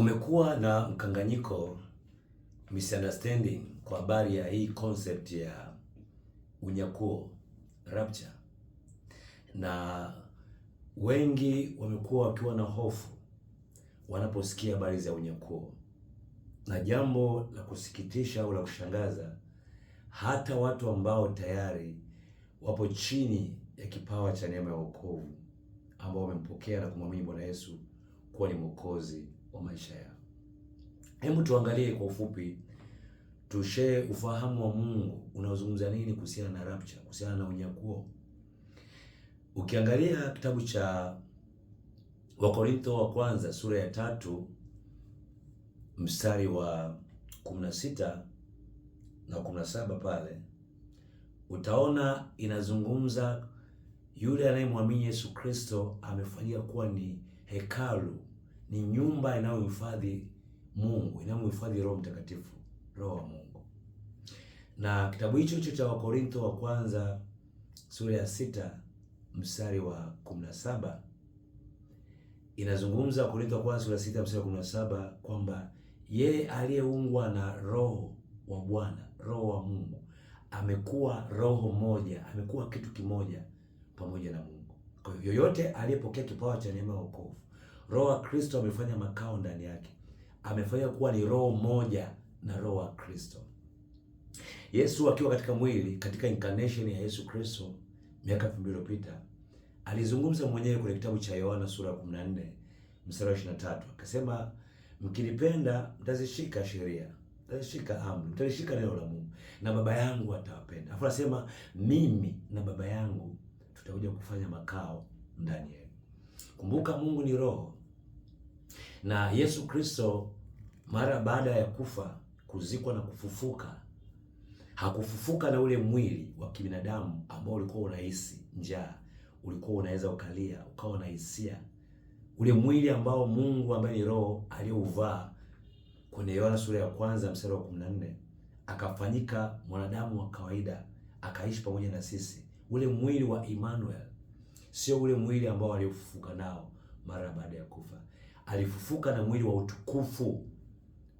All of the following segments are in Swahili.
Kumekuwa na mkanganyiko, misunderstanding kwa habari ya hii concept ya unyakuo rapture, na wengi wamekuwa wakiwa na hofu wanaposikia habari za unyakuo, na jambo la kusikitisha au la kushangaza, hata watu ambao tayari wapo chini ya kipawa cha neema ya wokovu ambao wamempokea na kumwamini Bwana Yesu kuwa ni mwokozi wa maisha yao. Hebu tuangalie kwa ufupi, tushee ufahamu wa Mungu unaozungumza nini kuhusiana na rapture, kuhusiana na unyakuo. Ukiangalia kitabu cha Wakorintho wa kwanza sura ya tatu mstari wa 16 na 17 pale utaona inazungumza yule anayemwamini Yesu Kristo amefanyika kuwa ni hekalu ni nyumba inayohifadhi Mungu, inayomhifadhi Roho Mtakatifu, Roho wa Mungu. Na kitabu hicho hicho cha Wakorintho wa kwanza sura ya sita mstari wa 17 inazungumza, Wakorintho wa kwanza sura ya sita mstari wa 17 kwamba yeye aliyeungwa na Roho wa Bwana, Roho wa Mungu amekuwa roho moja, amekuwa kitu kimoja pamoja na Mungu. Kwa hiyo yoyote aliyepokea kipawa cha neema ya wokovu Roho wa Kristo amefanya makao ndani yake, amefanya kuwa ni roho moja na roho wa Kristo. Yesu akiwa katika mwili, katika incarnation ya Yesu Kristo miaka elfu mbili iliyopita alizungumza mwenyewe kwenye kitabu cha Yohana sura ya 14 mstari wa 23, akasema mkinipenda mtazishika sheria, mtazishika amri, mtalishika neno la Mungu na Baba yangu atawapenda. Alafu anasema mimi na Baba yangu tutakuja kufanya makao ndani yenu. Kumbuka Mungu ni roho na Yesu Kristo mara baada ya kufa, kuzikwa na kufufuka, hakufufuka na ule mwili wa kibinadamu ambao ulikuwa unahisi njaa, ulikuwa unaweza ukalia, ukawa na hisia, ule mwili ambao Mungu ambaye ni Roho aliyouvaa kwenye Yohana sura ya kwanza mstari wa 14 akafanyika mwanadamu wa kawaida akaishi pamoja na sisi, ule mwili wa Emmanuel, sio ule mwili ambao aliofufuka nao mara baada ya kufa alifufuka na mwili wa utukufu,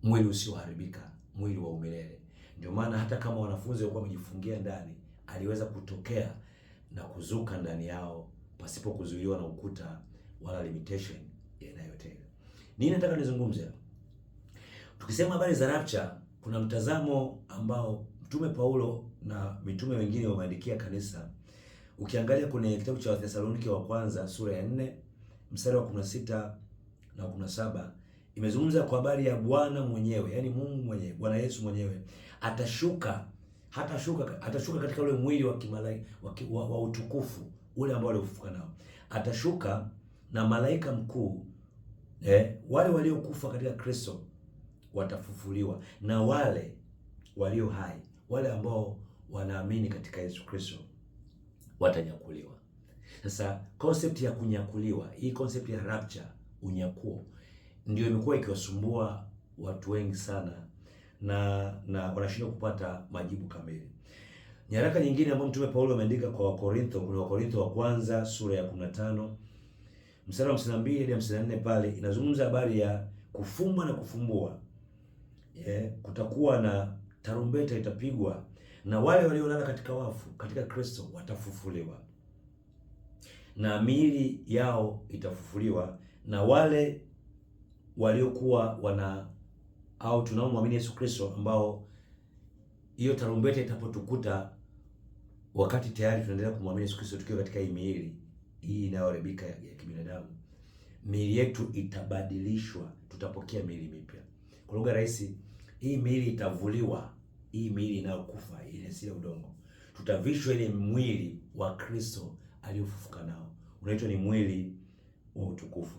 mwili usioharibika, mwili wa umilele. Ndio maana hata kama wanafunzi walikuwa wamejifungia ndani, aliweza kutokea na kuzuka ndani yao pasipo kuzuiliwa na ukuta wala limitation inayotega. Nini nataka nizungumze? Tukisema habari za rapture, kuna mtazamo ambao Mtume Paulo na mitume wengine wameandikia kanisa. Ukiangalia kwenye kitabu cha Wathesalonike wa kwanza sura ya 4 mstari wa 16 na kumi na saba imezungumza kwa habari ya Bwana mwenyewe, yaani Mungu mwenyewe, Bwana Yesu mwenyewe atashuka, hatashuka, atashuka katika ule mwili wa kimalaika wa, wa, wa utukufu ule ambao aliofufuka nao, atashuka na malaika mkuu eh, wale waliokufa katika Kristo watafufuliwa na wale walio hai, wale ambao wanaamini katika Yesu Kristo watanyakuliwa. Sasa concept ya kunyakuliwa, hii concept ya rapture unyakuo ndio imekuwa ikiwasumbua watu wengi sana, na na wanashindwa kupata majibu kamili. Nyaraka nyingine ambayo Mtume Paulo ameandika kwa Wakorintho, kuna Wakorintho wa kwanza sura ya 15 mstari wa 52 hadi 54, pale inazungumza habari ya kufumba na kufumbua. Yeah, kutakuwa na tarumbeta itapigwa na wale waliolala katika wafu katika Kristo watafufuliwa na miili yao itafufuliwa na wale waliokuwa wana au tunaomwamini Yesu Kristo, ambao hiyo tarumbeta itapotukuta wakati tayari tunaendelea kumwamini Yesu Kristo tukiwa katika hii miili hii inayoharibika ya, kibinadamu, miili yetu itabadilishwa, tutapokea miili mipya. Kwa lugha rahisi, hii miili itavuliwa, hii miili inayokufa ile sio udongo, tutavishwa ile mwili wa Kristo aliyofufuka nao, unaitwa ni mwili wa utukufu.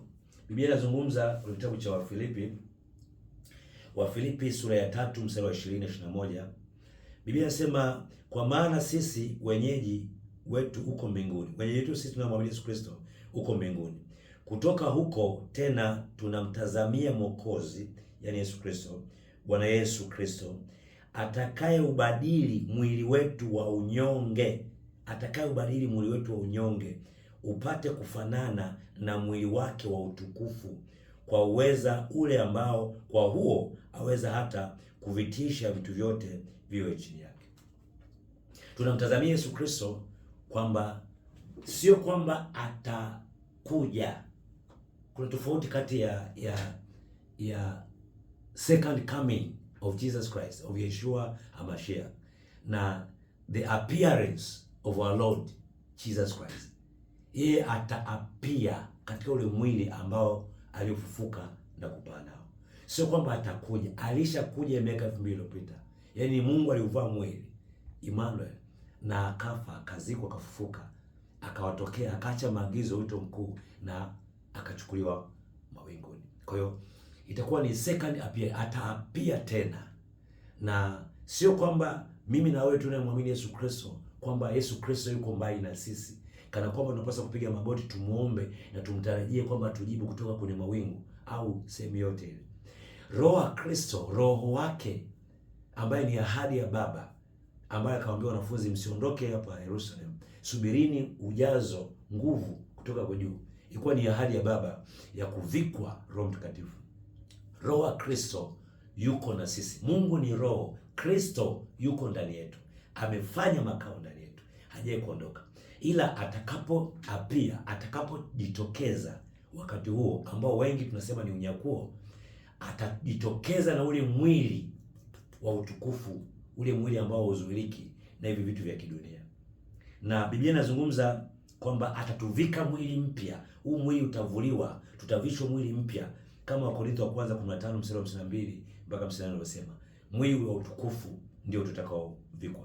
Biblia inazungumza kwenye kitabu cha Wafilipi, Wafilipi sura ya tatu mstari wa 20 na 21. Biblia inasema kwa maana sisi wenyeji wetu uko mbinguni, wenyeji wetu sisi tunamwamini Yesu Kristo uko mbinguni, kutoka huko tena tunamtazamia Mwokozi, yani Yesu Kristo, Bwana Yesu Kristo atakayeubadili mwili wetu wa unyonge, atakayeubadili mwili wetu wa unyonge upate kufanana na mwili wake wa utukufu kwa uweza ule ambao kwa huo aweza hata kuvitisha vitu vyote viwe chini yake. Tunamtazamia Yesu Kristo kwamba sio kwamba atakuja. Kuna tofauti kati ya ya ya second coming of Jesus Christ of Yeshua Hamashia na the appearance of our Lord Jesus Christ yeye ataapia katika ule mwili ambao aliofufuka na kupaa nao. Sio kwamba atakuja, alishakuja miaka elfu mbili iliyopita. Yaani Mungu aliuvaa mwili Emmanuel, na akafa akazikwa, akafufuka, akawatokea, akaacha maagizo, wito mkuu, na akachukuliwa mawinguni. Kwa hiyo itakuwa ni second appear, ataapia tena, na sio kwamba mimi na wewe tunayemwamini Yesu Kristo kwamba Yesu Kristo yuko mbali na sisi kana kwamba tunapaswa kupiga magoti tumuombe na tumtarajie kwamba tujibu kutoka kwenye mawingu au sehemu yote ile. Roho wa Kristo, roho wake ambaye ni ahadi ya Baba, ambaye akawaambia wanafunzi, msiondoke hapa Yerusalemu, subirini ujazo nguvu kutoka kwa juu, ilikuwa ni ahadi ya Baba ya kuvikwa Roho Mtakatifu. Roho wa Kristo yuko na sisi. Mungu ni Roho, Kristo yuko ndani yetu, amefanya makao ndani yetu, hajai kuondoka ila atakapo apia, atakapojitokeza wakati huo ambao wengi tunasema ni unyakuo, atajitokeza na ule mwili wa utukufu, ule mwili ambao hauzuiliki na hivi vitu vya kidunia. Na Biblia inazungumza kwamba atatuvika mwili mpya, huu mwili utavuliwa, tutavishwa mwili mpya, kama Wakorintho wa kwanza 15 mstari wa 52 mpaka 54 unasema mwili wa utukufu ndio tutakaovikwa.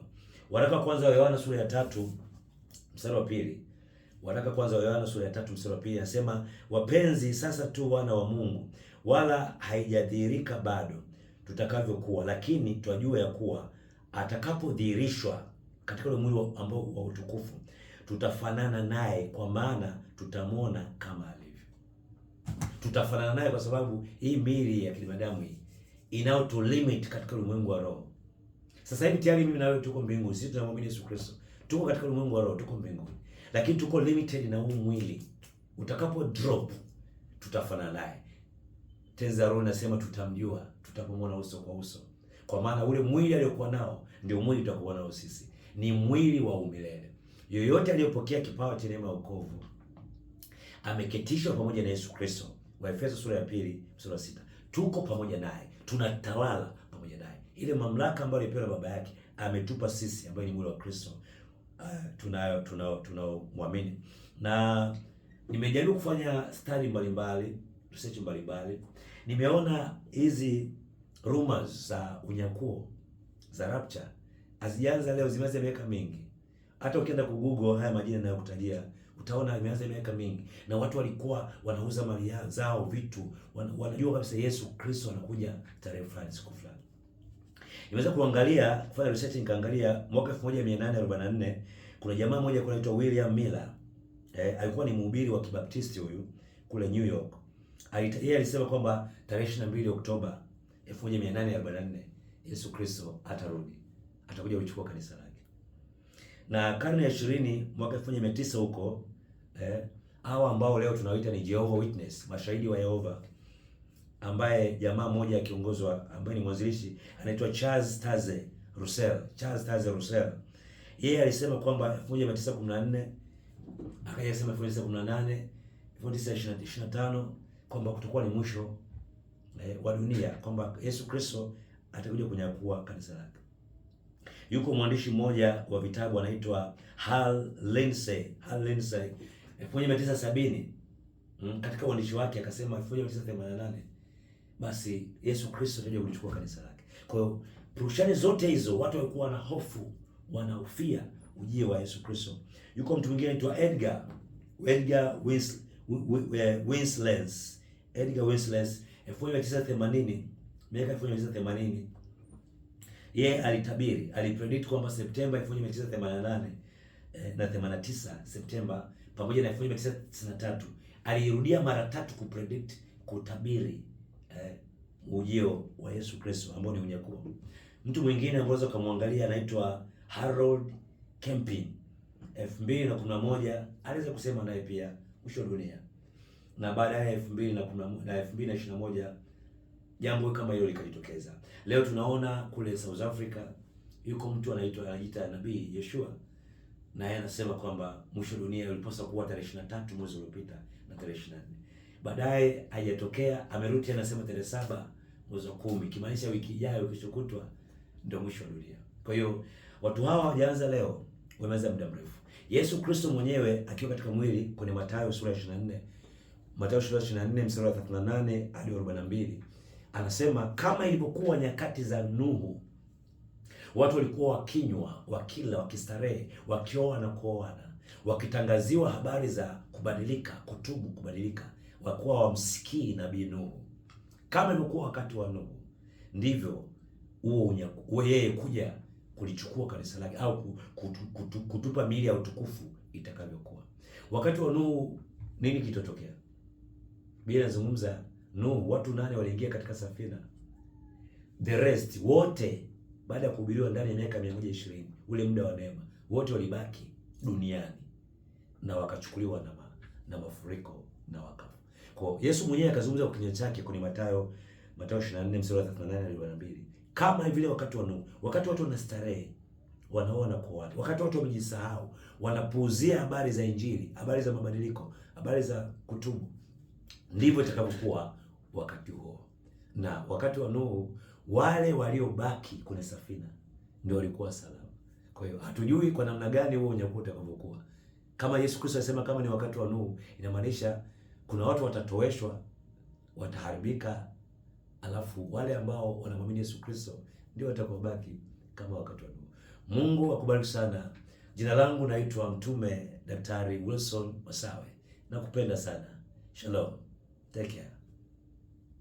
Waraka kwanza wa Yohana sura ya tatu mstari wa pili waraka kwanza wa Yohana sura ya tatu mstari wa pili anasema, wapenzi, sasa tu wana wa Mungu, wala haijadhihirika bado tutakavyokuwa, lakini twajua ya kuwa atakapodhihirishwa katika ule mwili ambao wa utukufu, tutafanana naye, kwa maana tutamwona kama alivyo. Tutafanana naye kwa sababu hii miili ya kibinadamu hii inayotulimit katika ulimwengu wa roho. Sasa hivi tayari mimi na wewe tuko mbinguni, sisi tunamwamini Yesu Kristo tuko katika ulimwengu wa roho, tuko mbinguni, lakini tuko limited na huu mwili. Utakapo drop tutafanana naye. Tenzi za roho inasema tutamjua, tutapomwona uso kwa uso, kwa maana ule mwili aliokuwa nao ndio mwili tutakuwa nao sisi, ni mwili wa umilele. Yoyote aliyopokea kipawa cha neema ya wokovu ameketishwa pamoja na Yesu Kristo. Waefeso sura ya pili mstari wa sita. Tuko pamoja naye, tunatawala pamoja naye. Ile mamlaka ambayo alipewa na baba yake ametupa sisi, ambayo ni mwili wa Kristo, tunayo tunayomwamini, na nimejaribu kufanya study mbalimbali, research mbalimbali, nimeona hizi rumors za unyakuo za rapture hazijaanza leo, zimeanza miaka mingi. Hata ukienda Google haya majina ninayokutajia utaona imeanza miaka mingi, na watu walikuwa wanauza mali zao, vitu wanajua kabisa Yesu Kristo anakuja tarehe fulani, siku fulani. Nimeweza kuangalia kufanya research, nikaangalia mwaka 1844 kuna jamaa mmoja alikuwa anaitwa William Miller eh, alikuwa ni mhubiri wa Kibaptisti huyu kule New York. Yeye alisema kwamba tarehe 22 Oktoba 1844 Yesu Kristo atarudi, atakuja kuchukua kanisa lake. Na karne ya 20 mwaka 1900 huko eh, hawa ambao leo tunawaita ni Jehovah Witness, mashahidi wa Yehova ambaye jamaa moja akiongozwa ambaye ni mwanzilishi anaitwa Charles Taze Russell. Charles Taze Russell yeye alisema kwamba 1914 akaja sema 1918 1925 kwamba kutakuwa ni mwisho eh, wa dunia kwamba Yesu Kristo atakuja kunyakua kanisa lake. Yuko mwandishi mmoja wa vitabu anaitwa Hal Lindsey, Hal Lindsey 1970 hmm, katika uandishi wake akasema 1988 basi Yesu Kristo ndiye kulichukua kanisa lake. Kwa hiyo purushani zote hizo, watu walikuwa na hofu, wanahofia ujio wa Yesu Kristo. Yuko mtu mwingine anaitwa Edgar Edgar eh, Winsl, Edgar Winsles, elfu moja mia tisa themanini miaka elfu moja mia tisa themanini yeye alitabiri, alipredict kwamba Septemba 1988 na 89 eh, Septemba pamoja na 1993 aliirudia mara tatu kupredict, kutabiri ujio wa Yesu Kristo ambao ni unyakuo. Mtu mwingine ambaye unaweza kumwangalia anaitwa Harold Camping. 2011 aliweza kusema naye pia mwisho wa dunia. Na baada ya 2011 na 2021 jambo kama hilo likajitokeza. Leo tunaona kule South Africa yuko mtu anaitwa anajiita Nabii Yeshua na yeye anasema kwamba mwisho dunia ulipaswa kuwa tarehe 23 mwezi uliopita na tarehe 24. Baadaye haijatokea. amerudi anasema tarehe saba mwezi wa kumi, kimaanisha wiki ijayo, kesho kutwa ndio mwisho wa dunia. Kwa hiyo watu hawa hawajaanza leo, wameanza muda mrefu. Yesu Kristo mwenyewe akiwa katika mwili kwenye Mathayo sura ya 24, Mathayo sura ya 24 mstari wa 38 hadi 42 anasema, kama ilivyokuwa nyakati za Nuhu, watu walikuwa wakinywa, wakila, wakistarehe, wakioa na kuoana, wakitangaziwa habari za kubadilika, kutubu, kubadilika, wakuwa wamsikii nabii Nuhu kama ilivyokuwa wakati wa Nuhu, ndivyo huo unyakuo yeye kuja kulichukua kanisa lake au kutu, kutu, kutupa miili ya utukufu itakavyokuwa. Wakati wa Nuhu nini kitotokea? Biblia inazungumza Nuhu, watu nane waliingia katika safina, the rest wote baada ya kuhubiriwa ndani ya miaka 120 ule muda wa neema, wote walibaki duniani na wakachukuliwa na, ma, na mafuriko na waka kwa Yesu mwenyewe akazungumza kwa kinywa chake kwenye Mathayo Mathayo 24 mstari wa 38 hadi 42. Kama vile wakati Nuhu, wakati watu wanastarehe, wanaoa na kuoa, wakati watu wamejisahau, wanapuuzia habari za Injili, habari za mabadiliko, habari za kutubu, ndivyo itakavyokuwa wakati huo. Na wakati wa Nuhu wale waliobaki kwenye safina ndio walikuwa salama. Kwa hiyo hatujui kwa namna gani huo unyakuta utakavyokuwa. Kama Yesu Kristo alisema kama ni wakati wa Nuhu, inamaanisha kuna watu watatoweshwa, wataharibika, alafu wale ambao wanamwamini Yesu Kristo ndio watakobaki kama wakati wa Nuhu. Mungu akubariki sana. Jina langu naitwa Mtume Daktari Wilson Masawe. Nakupenda sana. Shalom. Take care.